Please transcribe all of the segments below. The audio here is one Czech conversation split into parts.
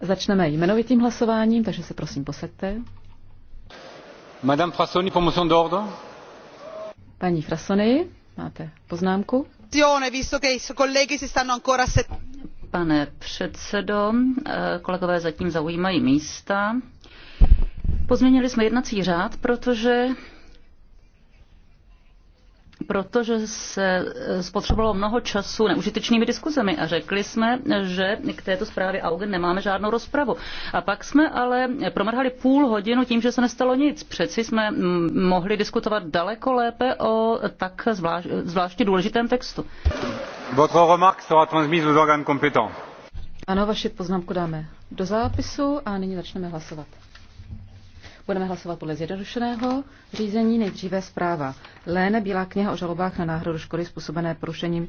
Začneme jmenovitým hlasováním, takže se prosím posaďte. Madame Frassoni, Paní Frassoni, máte poznámku? Pane předsedo, eh, kolegové zatím zaujímají místa. Pozměnili jsme jednací řád, protože protože se eh, spotřebovalo mnoho času neužitečnými diskuzemi a řekli jsme, že k této zprávě Augen nemáme žádnou rozpravu. A pak jsme ale promrhali půl hodinu tím, že se nestalo nic. Přeci jsme mm, mohli diskutovat daleko lépe o tak zvlášť, zvláště důležitém textu. Votre remarque sera transmise aux organes compétents. Ano, vaši poznámku dáme do zápisu a nyní začneme hlasovat. Budeme hlasovat podle zjednodušeného řízení. Nejdříve zpráva. Léne Bílá kniha o žalobách na náhradu škody způsobené porušením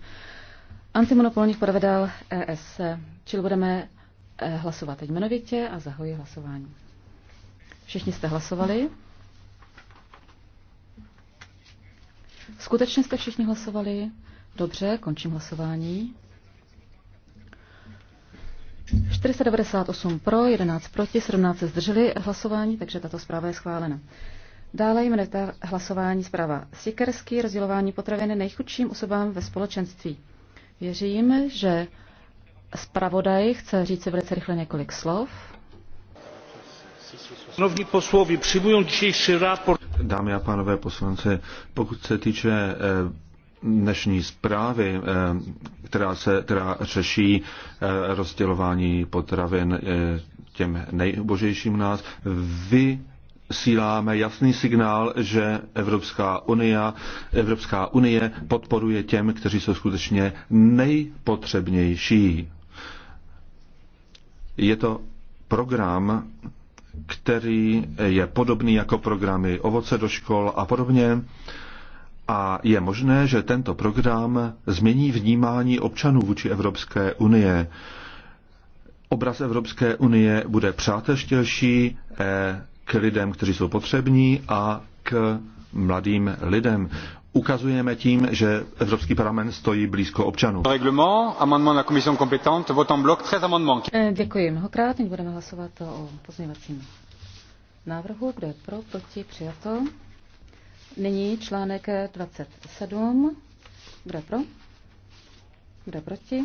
antimonopolních pravidel ES. Čili budeme eh, hlasovat teď jmenovitě a zahoji hlasování. Všichni jste hlasovali? Skutečně jste všichni hlasovali? Dobře, končím hlasování. 498 pro, 11 proti, 17 se zdrželi hlasování, takže tato zpráva je schválena. Dále ta hlasování zpráva Sikerský, rozdělování potraviny nejchudším osobám ve společenství. Věřím, že zpravodaj chce říct si velice rychle několik slov. Szanowni posłowie, přijmují dzisiejszy raport. Dámy a pánové poslanci, pokud se týče eh, dnešní zprávy, eh, která, se, která řeší eh, rozdělování potravin eh, těm nejbožejším nás, vy síláme jasný signál, že Evropská unie, Evropská unie podporuje těm, kteří jsou skutečně nejpotřebnější. Je to program, který je podobný jako programy ovoce do škol a podobně. A je možné, že tento program změní vnímání občanů vůči Evropské unie. Obraz Evropské unie bude přátelštější eh, k lidem, kteří jsou potřební a k mladým lidem. Ukazujeme tím, že Evropský parlament stojí blízko občanů. Eh, děkuji mnohokrát. Teď budeme hlasovat o pozměvacím návrhu. Kdo je pro, proti, přijato. Nyní článek 27. Kdo pro? Kdo proti?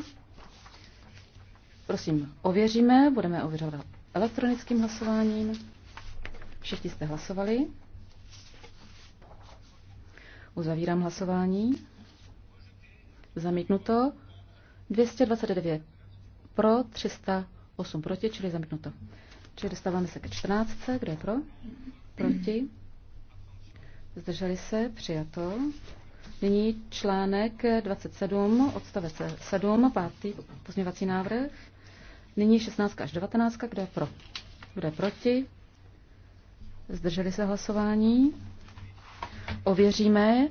Prosím, ověříme. Budeme ověřovat elektronickým hlasováním. Všichni jste hlasovali. Uzavírám hlasování. Zamítnuto. 229 pro, 308 proti, čili zamítnuto. Čili dostáváme se ke 14. Kdo je pro? Proti? Zdrželi se? Přijato. Nyní článek 27, odstavec 7, pátý pozměvací návrh. Nyní 16 až 19, kdo je pro? Kdo je proti? Zdrželi se hlasování? Ověříme.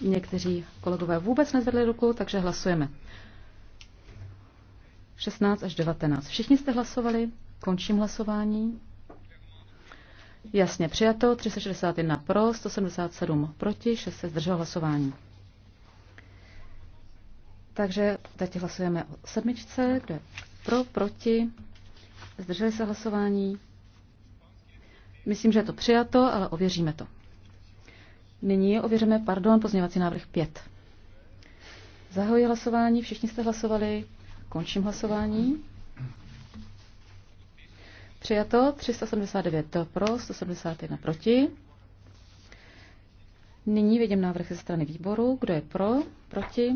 Někteří kolegové vůbec nezvedli ruku, takže hlasujeme. 16 až 19. Všichni jste hlasovali? Končím hlasování. Jasně přijato, 361 pro, 177 proti, 6 se zdržel hlasování. Takže teď hlasujeme o sedmičce, kde pro, proti, zdrželi se hlasování. Myslím, že je to přijato, ale ověříme to. Nyní ověříme, pardon, pozměvací návrh 5. Zahoji hlasování, všichni jste hlasovali, končím hlasování. Přijato 379 pro, 171 proti. Nyní vidím návrh ze strany výboru. Kdo je pro, proti?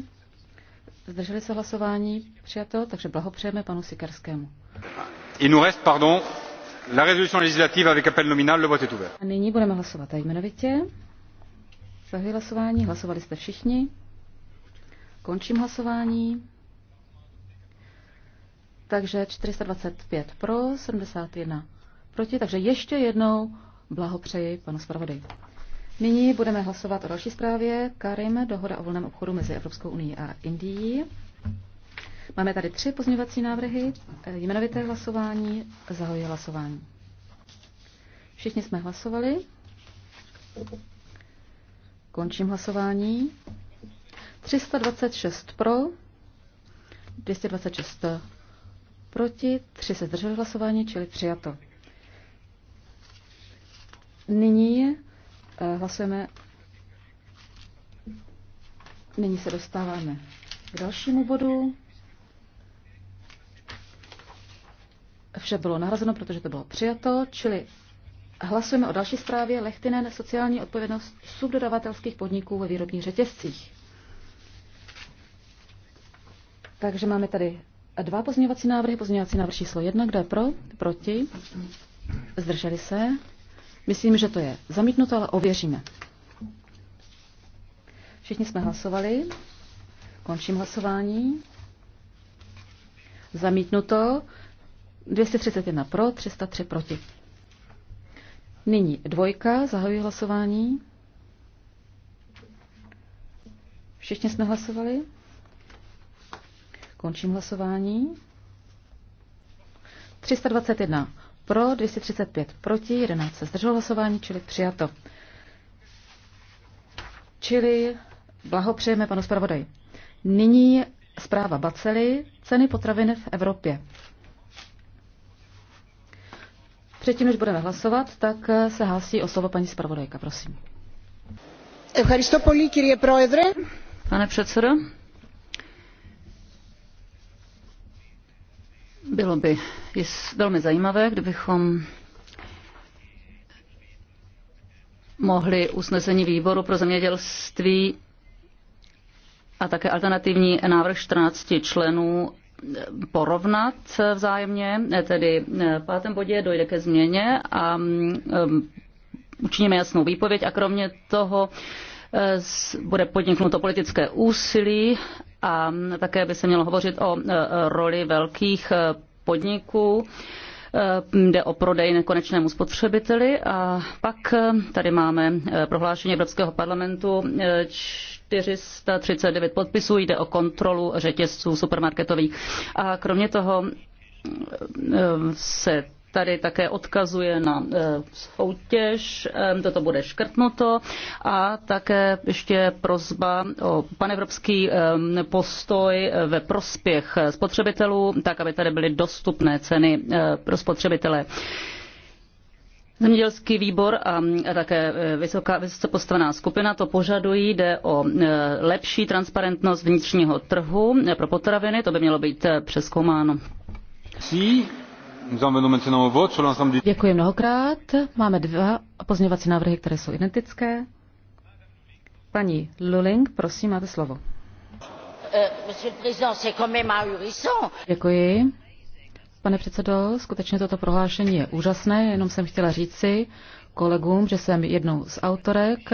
Zdrželi se hlasování? Přijato, takže blahopřejeme panu Sikerskému. Il nous reste, pardon, la résolution législative avec appel nominal, le vote est ouvert. A nyní budeme hlasovat jmenovitě. Zahajuji hlasování, hlasovali jste všichni. Končím hlasování. Takže 425 pro, 71 proti. Takže ještě jednou blahopřeji panu zpravodaji. Nyní budeme hlasovat o další zprávě. Karim, dohoda o volném obchodu mezi Evropskou unii a Indií. Máme tady tři pozměňovací návrhy. Eh, jmenovité hlasování, zahoji hlasování. Všichni jsme hlasovali. Končím hlasování. 326 pro, 226 proti, tři se zdrželi hlasování, čili přijato. Nyní eh, hlasujeme, nyní se dostáváme k dalšímu bodu. Vše bylo nahrazeno, protože to bylo přijato, čili hlasujeme o další zprávě Lechtinen sociální odpovědnost subdodavatelských podniků ve výrobních řetězcích. Takže máme tady dva pozměňovací návrhy. Pozměňovací návrh číslo jedna, kdo je pro, proti, zdrželi se. Myslím, že to je zamítnuto, ale ověříme. Všichni jsme hlasovali. Končím hlasování. Zamítnuto. 231 pro, 303 proti. Nyní dvojka, zahajuji hlasování. Všichni jsme hlasovali. Končím hlasování. 321 pro, 235 proti, 11 se zdrželo hlasování, čili přijato. Čili blahopřejeme panu zpravodaji. Nyní zpráva Bacely, ceny potravin v Evropě. Předtím, než budeme hlasovat, tak se hlásí o slovo paní zpravodajka, prosím. Pane předsedo, Bylo by velmi zajímavé, kdybychom mohli usnesení výboru pro zemědělství a také alternativní návrh 14 členů eh, porovnat vzájemně, eh, tedy eh, v pátém bodě dojde ke změně a mm, učiníme jasnou výpověď a kromě toho bude podniknuto politické úsilí a také by se mělo hovořit o e, roli velkých e, podniků e, jde o prodej nekonečnému spotřebiteli. A pak tady máme prohlášení Evropského parlamentu 439 podpisů, jde o kontrolu řetězců supermarketových. A kromě toho se tady také odkazuje na eh, soutěž, eh, toto bude škrtnuto a také ještě prozba o panevropský eh, postoj ve prospěch spotřebitelů, tak aby tady byly dostupné ceny pro spotřebitele. Zemědělský výbor a také vysoká, vysoce postavená skupina to požadují. Jde o lepší transparentnost vnitřního trhu pro potraviny. To by mělo být přeskoumáno. Sí. Děkuji mnohokrát. Máme dva pozměňovací návrhy, které jsou identické. Paní Luling, prosím, máte slovo. Euh, Děkuji. Pane předsedo, skutečně toto prohlášení je úžasné, jenom jsem chtěla říci kolegům, že jsem jednou z autorek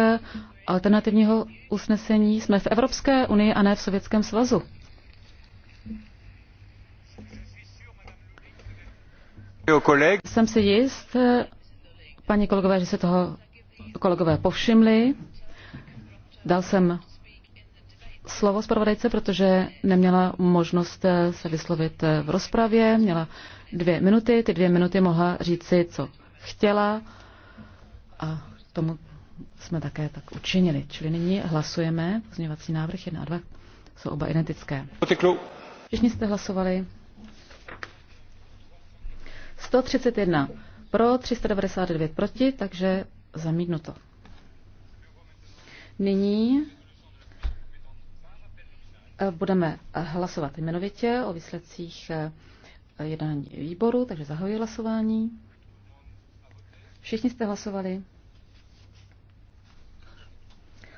alternativního usnesení. Jsme v Evropské unii a ne v Sovětském svazu. Jsem si jist, paní kolegové, že se toho kolegové povšimli. Dal jsem slovo zpravodajce, protože neměla možnost se vyslovit v rozpravě, měla dvě minuty, ty dvě minuty mohla říci, co chtěla a tomu jsme také tak učinili. Čili nyní hlasujeme, pozměňovací návrh 1 a 2 jsou oba identické. Všichni jste hlasovali, 131 pro, 399 proti, takže zamítnuto. Nyní eh, budeme eh, hlasovat jmenovitě o výsledcích eh, jednání výboru, takže zahajuji hlasování. Všichni jste hlasovali.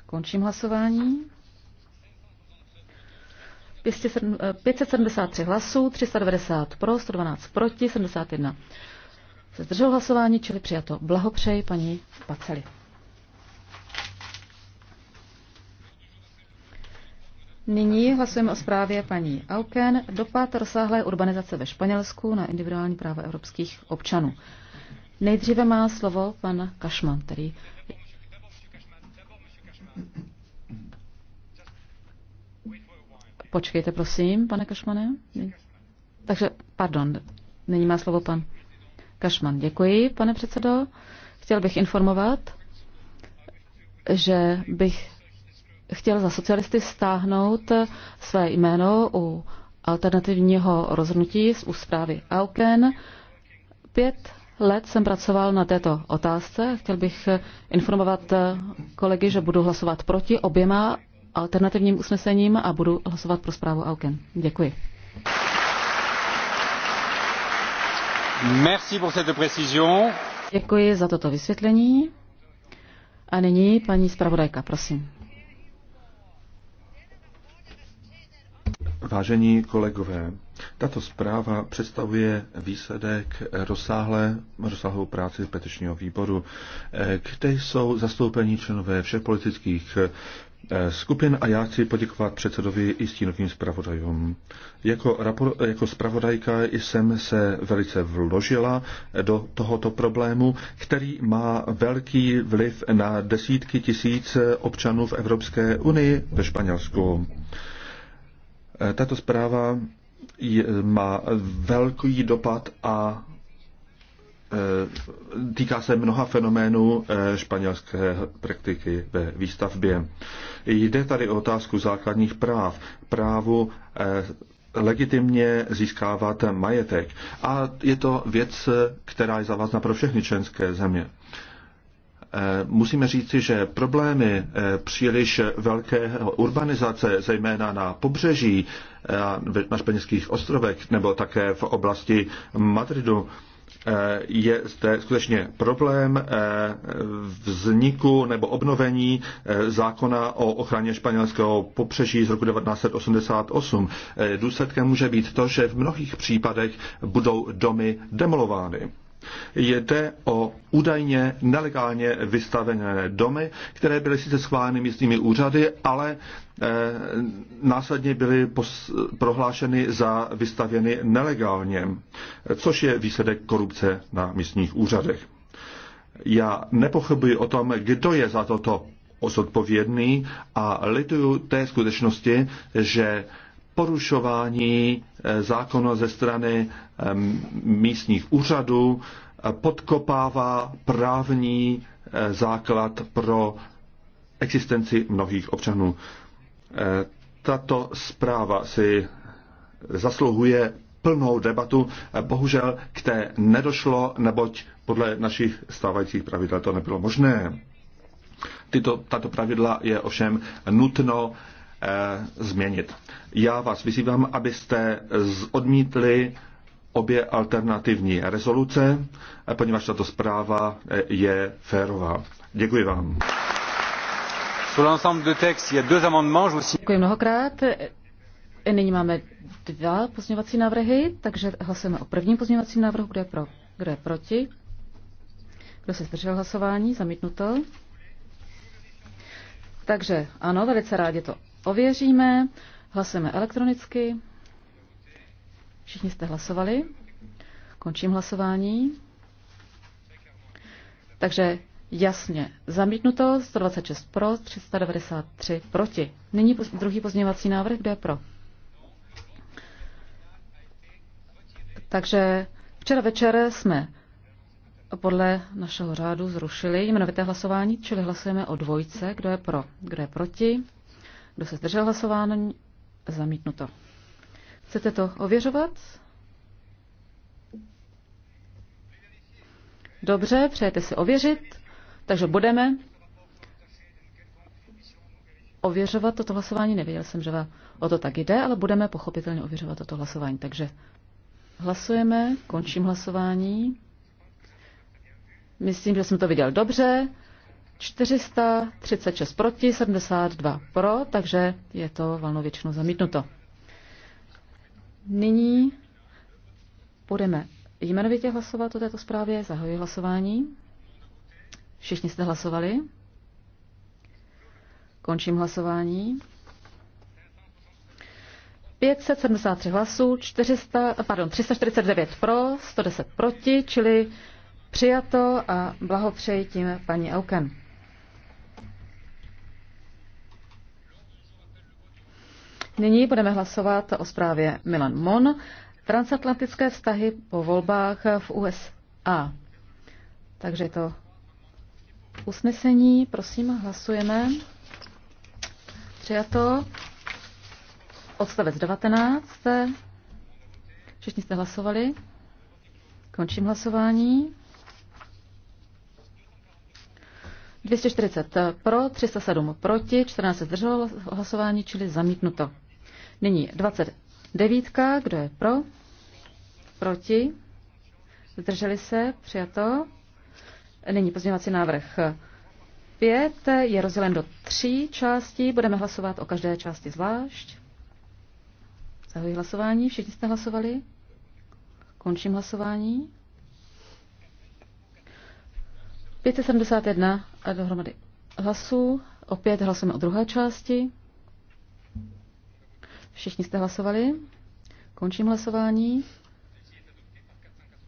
Končím hlasování. 573 eh, hlasů, 390 pro, 112 proti, 71 se zdržel hlasování, čili přijato. Blahopřeji paní Paceli. Nyní hlasujeme o zprávě paní Auken. Dopad rozsáhlé urbanizace ve Španělsku na individuální práva evropských občanů. Nejdříve má slovo pan Kašman, který Počkejte, prosím, pane Kašmane. Takže, pardon, není má slovo pan Kašman. Děkuji, pane předsedo. Chtěl bych informovat, že bych chtěl za socialisty stáhnout své jméno u alternativního rozhodnutí z úzprávy Auken. Pět let jsem pracoval na této otázce. Chtěl bych informovat kolegy, že budu hlasovat proti oběma alternativním usnesením a budu hlasovat pro zprávu Auken. Děkuji. Merci pour cette précision. Děkuji za toto vysvětlení. A nyní paní zpravodajka, prosím. Vážení kolegové, tato zpráva představuje výsledek rozsáhlé, rozsáhlou práci petičního výboru, eh, kde jsou zastoupení členové všech politických Eh, skupin a já chci poděkovat předsedovi i stínovým zpravodajům. Jako, rapor, jako zpravodajka jsem se velice vložila do tohoto problému, který má velký vliv na desítky tisíc občanů v Evropské unii ve Španělsku. Eh, tato zpráva má velký dopad a Eh, týká se mnoha fenoménů eh, španělské praktiky ve výstavbě. Jde tady o otázku základních práv, právu eh, legitimně získávat majetek. A je to věc, která je závazná pro všechny členské země. Musíme říci, že problémy příliš velké urbanizace, zejména na pobřeží, na španělských ostrovech nebo také v oblasti Madridu, Eh, je zde skutečně problém eh, vzniku nebo obnovení eh, zákona o ochraně španělského popřeží z roku 1988. Důsledkem může být to, že v mnohých případech budou domy demolovány. Jde o údajně nelegálně vystavené domy, které byly sice schváleny místními úřady, ale eh, následně byly prohlášeny za vystavěny nelegálně, což je výsledek korupce na místních úřadech. Já nepochybuji o tom, kdo je za toto zodpovědný a lituju té skutečnosti, že porušování zákona ze strany místních úřadů, e, podkopává právní e, základ pro existenci mnohých občanů. E, tato zpráva si zasluhuje plnou debatu. Bohužel k té nedošlo, neboť podle našich stávajících pravidel to nebylo možné. Tyto, tato pravidla je ovšem nutno Eh, změnit. Já vás vyzývám, abyste odmítli obě alternativní rezoluce, eh, poněvadž tato zpráva eh, je férová. Děkuji vám. Děkuji mnohokrát. Nyní máme dva pozměňovací návrhy, takže hlasujeme o prvním pozměňovacím návrhu, kdo je, pro, kdo je proti. Kdo se zdržel hlasování? Zamítnuto. Takže ano, velice rádi to ověříme. Hlasujeme elektronicky. Všichni jste hlasovali. Končím hlasování. Takže jasně zamítnuto, 126 pro, 393 proti. Nyní druhý pozměňovací návrh, kde je pro. Takže včera večer jsme podle našeho řádu zrušili jmenovité hlasování, čili hlasujeme o dvojce, kdo je pro, kdo je proti. Kdo se zdržel hlasování? Zamítnuto. Chcete to ověřovat? Dobře, přejete si ověřit, takže budeme ověřovat toto hlasování. Nevěděl jsem, že o to tak jde, ale budeme pochopitelně ověřovat toto hlasování. Takže hlasujeme, končím hlasování. Myslím, že jsem to viděl dobře. 436 proti, 72 pro, takže je to valnou většinou zamítnuto. Nyní budeme jmenovitě hlasovat o této zprávě. Zahajuji hlasování. Všichni jste hlasovali. Končím hlasování. 573 hlasů, 400, pardon, 349 pro, 110 proti, čili přijato a blahopřeji tím paní Auken. Nyní budeme hlasovat o zprávě Milan Mon. Transatlantické vztahy po volbách v USA. Takže to usnesení. Prosím, hlasujeme. Přijato. Odstavec 19. Všichni jste hlasovali. Končím hlasování. 240 pro, 307 proti, 14 zdrželo hlasování, čili zamítnuto. Nyní 29. Kdo je pro? Proti? Zdrželi se? Přijato. Nyní pozměňovací návrh 5 je rozdělen do tří částí. Budeme hlasovat o každé části zvlášť. Zahoji hlasování. Všichni jste hlasovali? Končím hlasování. 571 dohromady hlasů. Opět hlasujeme o druhé části. Všichni jste hlasovali? Končím hlasování.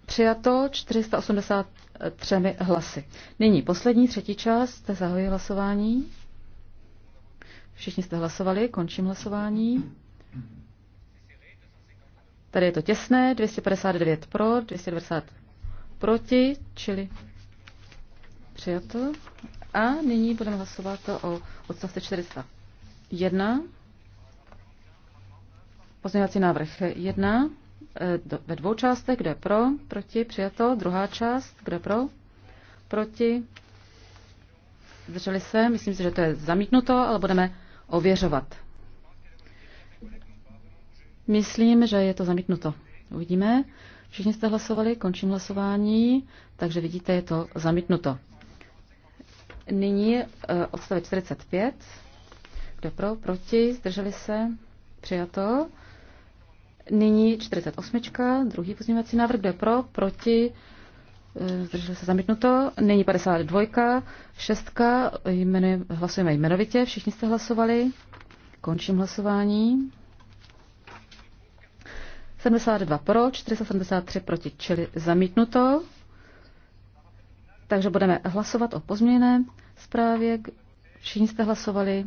Přijato 483 hlasy. Nyní poslední, třetí část. Zahoji hlasování. Všichni jste hlasovali, končím hlasování. Tady je to těsné, 259 pro, 290 proti, čili přijato. A nyní budeme hlasovat o odstavce 401. Pozměňovací návrh 1 eh, ve dvou částech, kde pro, proti, přijato. Druhá část, kde pro, proti, zdrželi se. Myslím si, že to je zamítnuto, ale budeme ověřovat. Myslím, že je to zamítnuto. Uvidíme. Všichni jste hlasovali, končím hlasování, takže vidíte, je to zamítnuto. Nyní eh, odstavec 45. Kdo pro, proti, zdrželi se, přijato. Nyní 48. Druhý pozměňovací návrh, kdo je pro, proti, e, zdrželi se zamítnuto. Nyní 52. Šestka, jmenuje, hlasujeme jmenovitě, všichni jste hlasovali. Končím hlasování. 72 pro, 473 proti, čili zamítnuto. Takže budeme hlasovat o pozměněné zprávě. Všichni jste hlasovali.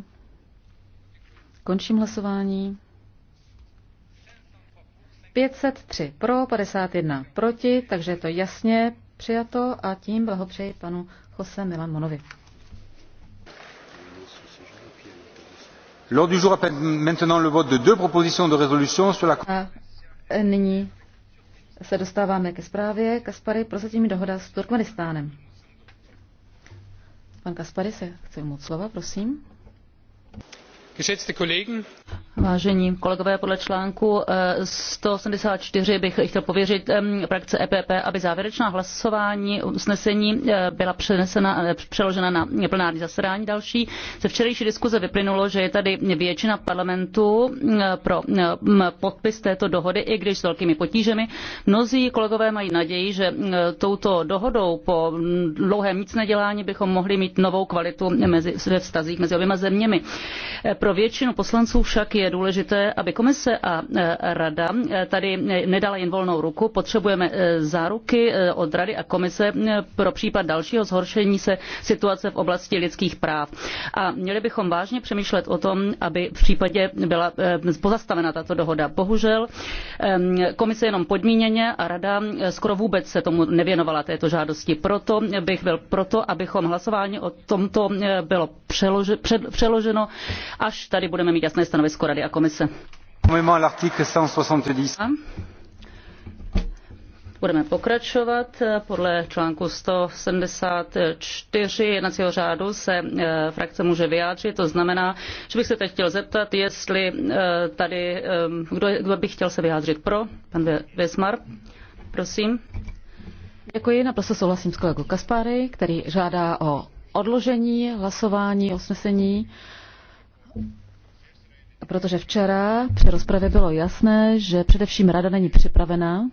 Končím hlasování. 503 pro, 51 proti, takže je to jasně přijato a tím blahopřeji panu Jose Milan Monovi. L'ordre du jour appelle maintenant le vote de deux propositions de résolution sur la... A nyní se dostáváme ke zprávě Kaspary prozatím dohoda s Turkmenistánem. Pan Kaspary se chce umout slova, prosím. Geschätzte Kollegen, Vážení kolegové, podle článku 184 eh, bych chtěl pověřit frakce EPP, aby závěrečná hlasování usnesení eh, byla přenesena, eh, přeložena na plenární zasedání další. Ze včerejší diskuze vyplynulo, že je tady většina parlamentu pro podpis této dohody, i když s velkými potížemi. Mnozí kolegové mají naději, že touto dohodou po dlouhém nic nedělání bychom mohli mít novou kvalitu mezi, ve vztazích mezi oběma zeměmi. Pro většinu poslanců však však je důležité, aby komise a e, rada e, tady nedala jen volnou ruku. Potřebujeme e, záruky od rady a komise pro případ dalšího zhoršení se situace v oblasti lidských práv. A měli bychom vážně přemýšlet o tom, aby v případě byla pozastavena tato dohoda. Bohužel komise jenom podmíněně a rada skoro vůbec se tomu nevěnovala této žádosti. Proto bych byl proto, abychom hlasování o tomto bylo přeloženo, přeloženo až tady budeme mít jasné stanovisko stanovisko Rady a komise. Budeme pokračovat. Podle článku 174 jednacího řádu se eh, frakce může vyjádřit. To znamená, že bych se teď chtěl zeptat, jestli eh, tady, eh, kdo, kdo by chtěl se vyjádřit pro? Pan Vesmar, prosím. Děkuji, naprosto souhlasím s kolegou Kaspary, který žádá o odložení hlasování, usnesení protože včera při rozpravě bylo jasné, že především rada není připravená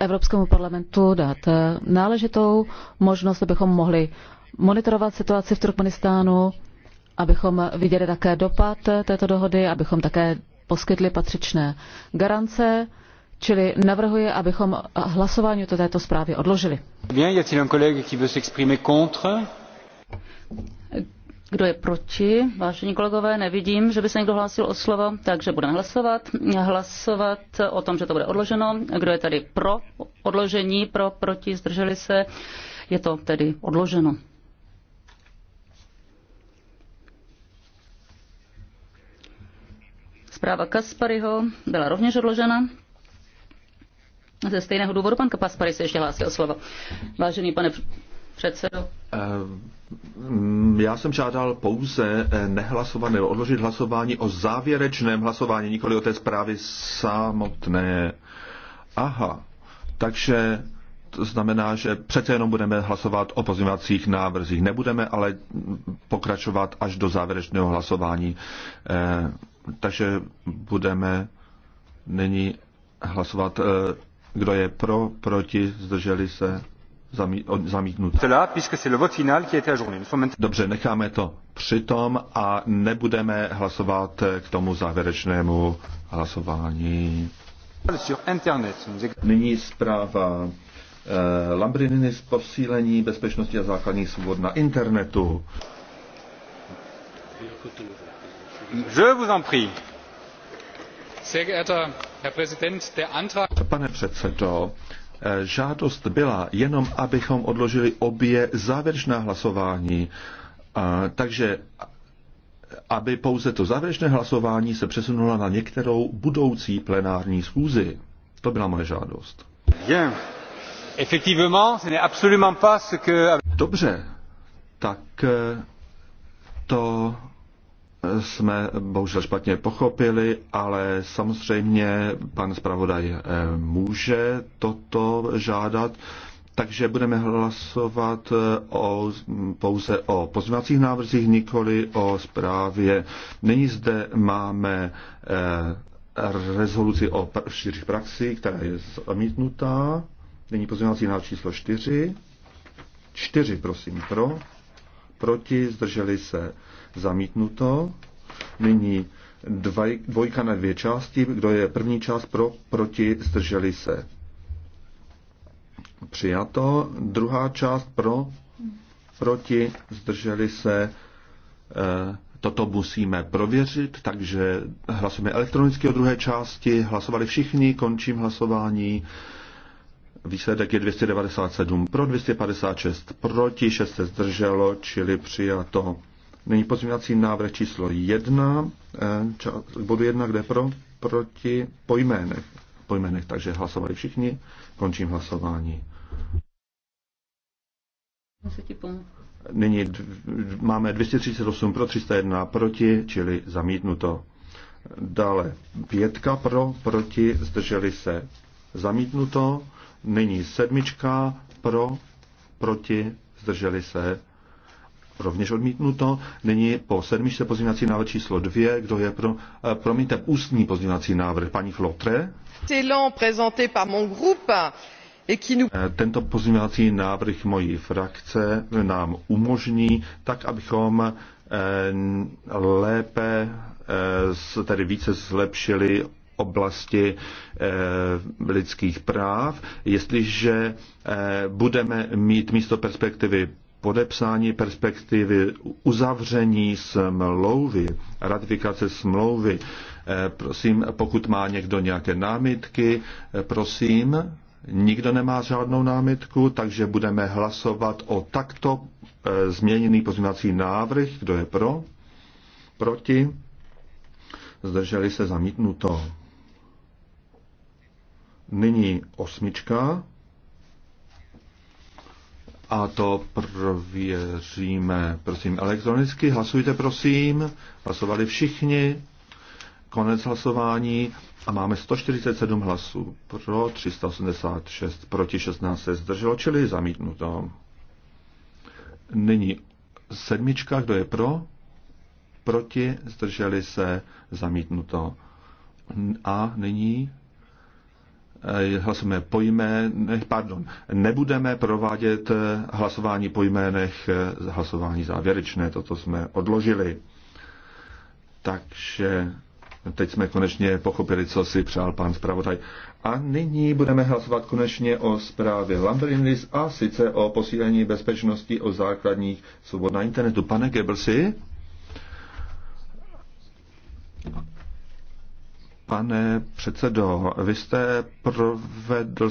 Evropskému parlamentu dát eh, náležitou možnost, abychom mohli monitorovat situaci v Turkmenistánu, abychom viděli také dopad eh, této dohody, abychom také poskytli patřičné garance, čili navrhuji, abychom hlasování o této zprávě odložili. Bien, y a-t-il un collègue qui veut s'exprimer contre kdo je proti? Vážení kolegové, nevidím, že by se někdo hlásil o slovo, takže budeme hlasovat. Hlasovat o tom, že to bude odloženo. Kdo je tady pro odložení, pro, proti, zdrželi se? Je to tedy odloženo. Zpráva Kasparyho byla rovněž odložena. Ze stejného důvodu pan Kaspary se ještě hlásil o slovo. Vážený pane předsedo. Uh... Mm, já jsem žádal pouze eh, nehlasované, odložit hlasování o závěrečném hlasování, nikoli o té zprávy samotné. Aha, takže to znamená, že přece jenom budeme hlasovat o pozměňovacích návrzích. Nebudeme ale pokračovat až do závěrečného hlasování. E, takže budeme nyní hlasovat, e, kdo je pro, proti, zdrželi se zamítnut. Dobře, necháme to přitom a nebudeme hlasovat k tomu závěrečnému hlasování. Nyní zpráva eh, Lambrininy z posílení bezpečnosti a základních svobod na internetu. Je vous en prie. Sehr geehrter Herr Präsident, der Antrag... Pane předsedo, žádost byla jenom, abychom odložili obě závěrečná hlasování. Takže aby pouze to závěrečné hlasování se přesunulo na některou budoucí plenární schůzi. To byla moje žádost. Dobře, tak eh, to jsme bohužel špatně pochopili, ale samozřejmě pan zpravodaj eh, může toto žádat. Takže budeme hlasovat eh, o, pouze o pozměňovacích návrzích, nikoli o zprávě. Nyní zde máme eh, rezoluci o širších praxi, která je zamítnutá. Nyní pozměňovací návrh číslo 4. 4, prosím, pro. Proti, zdrželi se zamítnuto. Nyní dvaj, dvojka na dvě části. Kdo je první část pro, proti, zdrželi se. Přijato. Druhá část pro, proti, zdrželi se. E, toto musíme prověřit, takže hlasujeme elektronicky o druhé části. Hlasovali všichni, končím hlasování. Výsledek je 297 pro, 256 proti, 6 se zdrželo, čili přijato. Nyní pozměňovací návrh číslo 1, eh, ča, bodu 1, kde pro, proti, po jménech. Po jménech, takže hlasovali všichni. Končím hlasování. Nyní máme 238 pro, 301 proti, čili zamítnuto. Dále pětka pro, proti, zdrželi se zamítnuto. Nyní sedmička pro, proti, zdrželi se rovněž odmítnuto. Nyní po sedmičce pozměňovací návrh číslo dvě, kdo je pro, eh, promiňte, ústní pozměňovací návrh paní Flotre. Eh, tento pozměňovací návrh mojí frakce nám umožní tak, abychom eh, lépe, tedy více zlepšili oblasti lidských práv, jestliže budeme mít místo perspektivy podepsání perspektivy, uzavření smlouvy, ratifikace smlouvy. Eh, prosím, pokud má někdo nějaké námitky, eh, prosím, nikdo nemá žádnou námitku, takže budeme hlasovat o takto eh, změněný pozměňovací návrh. Kdo je pro? Proti? Zdrželi se zamítnuto. Nyní osmička. A to prověříme, prosím, elektronicky. Hlasujte, prosím. Hlasovali všichni. Konec hlasování. A máme 147 hlasů pro, 386 proti, 16 se zdrželo, čili zamítnuto. Nyní sedmička, kdo je pro? Proti, zdrželi se, zamítnuto. A nyní Eh, hlasujeme po jménech, pardon, nebudeme provádět eh, hlasování po jménech, eh, hlasování závěrečné, toto jsme odložili. Takže teď jsme konečně pochopili, co si přál pan zpravodaj. A nyní budeme hlasovat konečně o zprávě Lambrinlis a sice o posílení bezpečnosti o základních svobod na internetu. Pane Gebelsi? Pane předsedo, vy jste provedl,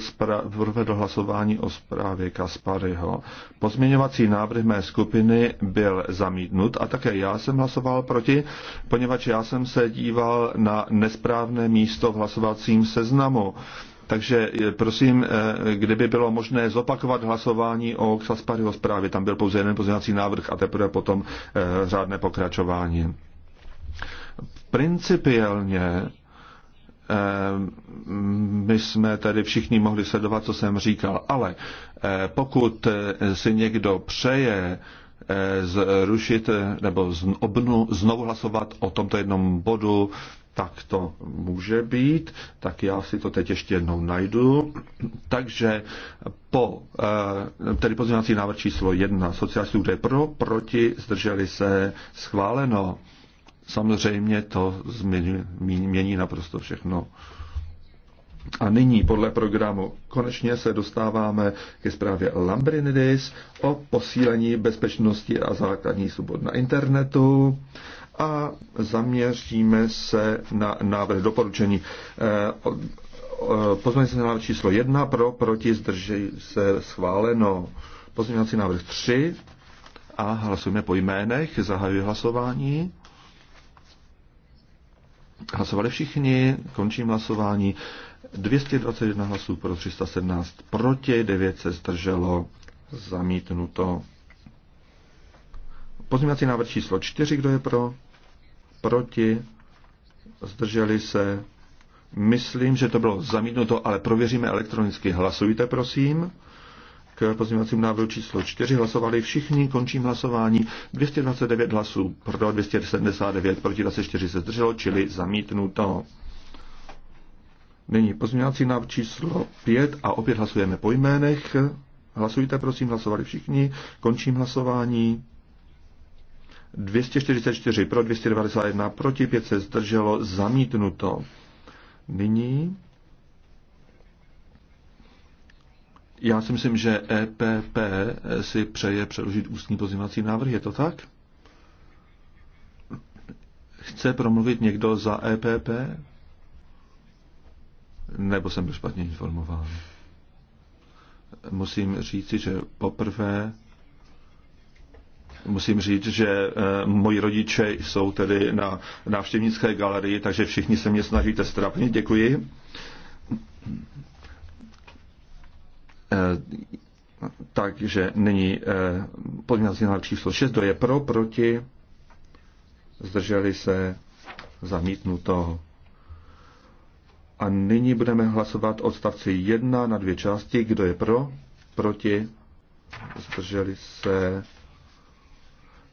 provedl hlasování o zprávě Kasparyho. Pozměňovací návrh mé skupiny byl zamítnut a také já jsem hlasoval proti, poněvadž já jsem se díval na nesprávné místo v hlasovacím seznamu. Takže eh, prosím, eh, kdyby bylo možné zopakovat hlasování o Kasparyho zprávě, tam byl pouze jeden pozměňovací návrh a teprve potom eh, řádné pokračování. Principiálně Eh, my jsme tady všichni mohli sledovat, co jsem říkal, ale eh, pokud eh, si někdo přeje zrušit nebo znovu hlasovat o tomto jednom bodu, tak to může být, tak já si to teď ještě jednou najdu. Takže po, tedy pozměňovací návrh číslo 1, sociální je pro, proti, zdrželi se, schváleno samozřejmě to změní, mění naprosto všechno. A nyní podle programu konečně se dostáváme ke zprávě Lambrinidis o posílení bezpečnosti a základní svobod na internetu a zaměříme se na návrh doporučení. Eh, pozměňovací návrh číslo 1 pro, proti, zdrží se schváleno. Pozměňovací návrh 3 a hlasujeme po jménech, zahajuji hlasování. Hlasovali všichni, končím hlasování. 221 hlasů pro 317, proti 9 se zdrželo, zamítnuto. Pozměňovací návrh číslo 4, kdo je pro? Proti, zdrželi se. Myslím, že to bylo zamítnuto, ale prověříme elektronicky. Hlasujte, prosím pozměňovacímu návrhu číslo 4 hlasovali všichni, končím hlasování. 229 hlasů pro 279, proti 24 se zdrželo, čili zamítnuto. Nyní pozměňovací návrh číslo 5 a opět hlasujeme po jménech. Hlasujte, prosím, hlasovali všichni. Končím hlasování. 244 pro, 291 proti, 5 se zdrželo, zamítnuto. Nyní Já si myslím, že EPP si přeje předložit ústní pozměňovací návrh, je to tak? Chce promluvit někdo za EPP? Nebo jsem byl špatně informován? Musím říci, že poprvé musím říct, že e, moji rodiče jsou tedy na návštěvnické galerii, takže všichni se mě snažíte strapnit. Děkuji. Eh, takže nyní eh, pozměňovací návrh číslo 6, kdo je pro, proti, zdrželi se, zamítnuto. A nyní budeme hlasovat odstavci 1 na dvě části. Kdo je pro? Proti? Zdrželi se?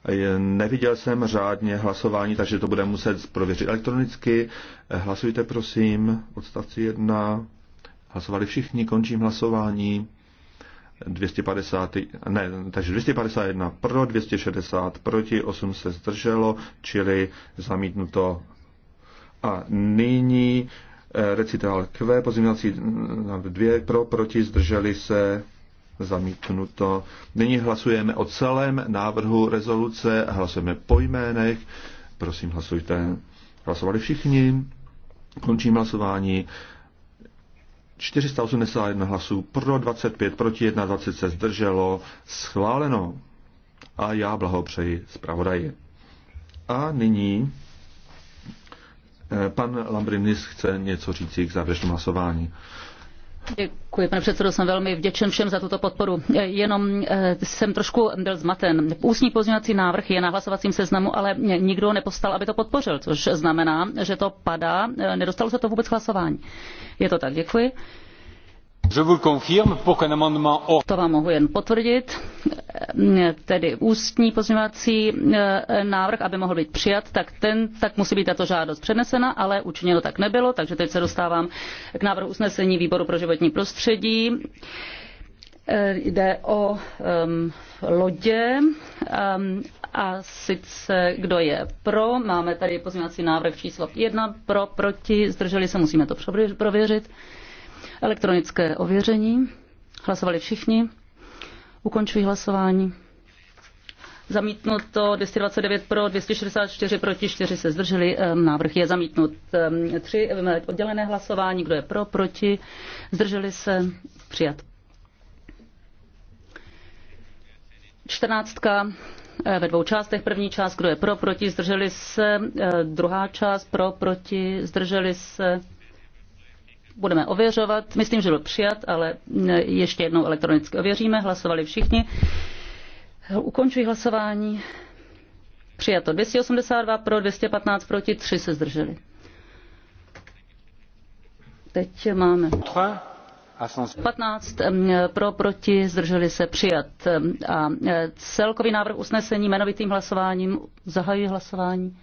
Eh, neviděl jsem řádně hlasování, takže to bude muset prověřit elektronicky. Hlasujte prosím. Odstavci 1. Hlasovali všichni, končím hlasování. 250, ne, takže 251 pro, 260 proti, 8 se zdrželo, čili zamítnuto. A nyní eh, recitál Q, pozměňovací dvě pro, proti, zdrželi se, zamítnuto. Nyní hlasujeme o celém návrhu rezoluce, hlasujeme po jménech. Prosím, hlasujte. Hlasovali všichni. Končím hlasování. 481 hlasů pro, 25 proti, 21 se zdrželo, schváleno. A já blahopřeji zpravodaji. A nyní eh, pan Lambrinis chce něco říct, k závěrečnému hlasování. Děkuji, pane předsedo, jsem velmi vděčen všem za tuto podporu. E, jenom e, jsem trošku byl zmaten. Ústní pozměňovací návrh je na hlasovacím seznamu, ale nikdo nepostal, aby to podpořil, což znamená, že to padá. E, nedostalo se to vůbec hlasování. Je to tak, děkuji. To vám mohu jen potvrdit, eh, tedy ústní pozměňovací eh, návrh, aby mohl být přijat, tak, ten, tak musí být tato žádost přenesena, ale učiněno tak nebylo, takže teď se dostávám k návrhu usnesení výboru pro životní prostředí eh, jde o um, lodě um, a sice kdo je pro, máme tady pozměňovací návrh číslo 1, pro, proti, zdrželi se, musíme to prověřit. Elektronické ověření. Hlasovali všichni. Ukončuji hlasování. Zamítnuto 229 pro, 264 proti, 4 se zdrželi. Návrh je zamítnut. Tři oddělené hlasování, kdo je pro, proti, zdrželi se, přijat. Čtrnáctka eh, ve dvou částech. První část, kdo je pro, proti, zdrželi se. Eh, druhá část, pro, proti, zdrželi se budeme ověřovat. Myslím, že byl přijat, ale e, ještě jednou elektronicky ověříme. Hlasovali všichni. Ukončuji hlasování. Přijato 282 pro, 215 proti, 3 se zdrželi. Teď máme 15 pro, proti, zdrželi se přijat. A e, celkový návrh usnesení jmenovitým hlasováním zahajuji hlasování.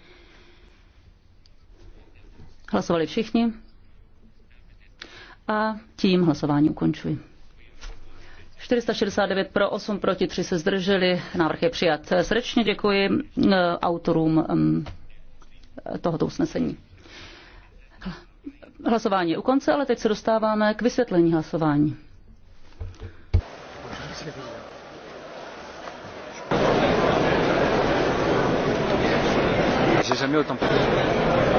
Hlasovali všichni. A tím hlasování ukončuji. 469 pro 8 proti 3 se zdrželi. Návrh je přijat. Srdečně děkuji eh, autorům mm, tohoto usnesení. Hlasování je u konce, ale teď se dostáváme k vysvětlení hlasování. J'ai jamais autant